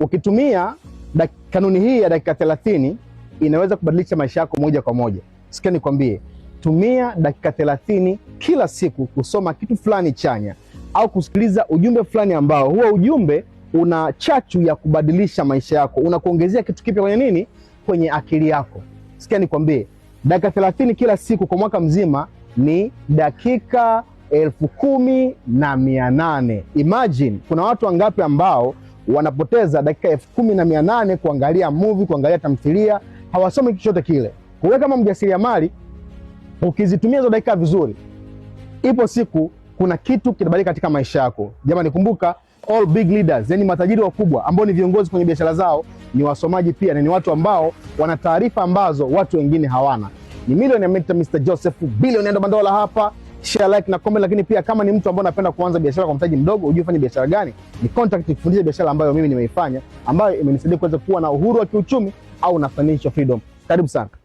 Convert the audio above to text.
Ukitumia kanuni hii ya dakika thelathini inaweza kubadilisha maisha yako moja kwa moja. Sikia nikwambie, tumia dakika thelathini kila siku kusoma kitu fulani chanya au kusikiliza ujumbe fulani ambao huo ujumbe una chachu ya kubadilisha maisha yako, unakuongezea kitu kipya kwenye nini, kwenye akili yako. Sikia nikwambie, dakika thelathini kila siku kwa mwaka mzima ni dakika elfu kumi na mia nane. Imagine, kuna watu wangapi ambao wanapoteza dakika elfu kumi na mia nane kuangalia movie, kuangalia tamthilia, hawasomi chochote kile. Kwa hiyo kama mjasiriamali ukizitumia hizo dakika vizuri, ipo siku kuna kitu kinabadilika katika maisha yako. Jamani, kumbuka all big leaders, yani matajiri wakubwa ambao ni viongozi kwenye biashara zao ni wasomaji pia, na ni watu ambao wana taarifa ambazo watu wengine hawana. Ni milioni ya Mr Joseph, bilionea ndo Mandola hapa share, like na comment. Lakini pia kama ni mtu ambaye unapenda kuanza biashara kwa mtaji mdogo, hujui ufanye biashara gani, ni contact kufundisha biashara ambayo mimi nimeifanya ambayo imenisaidia kuweza kuwa na uhuru wa kiuchumi au na financial freedom. Karibu sana.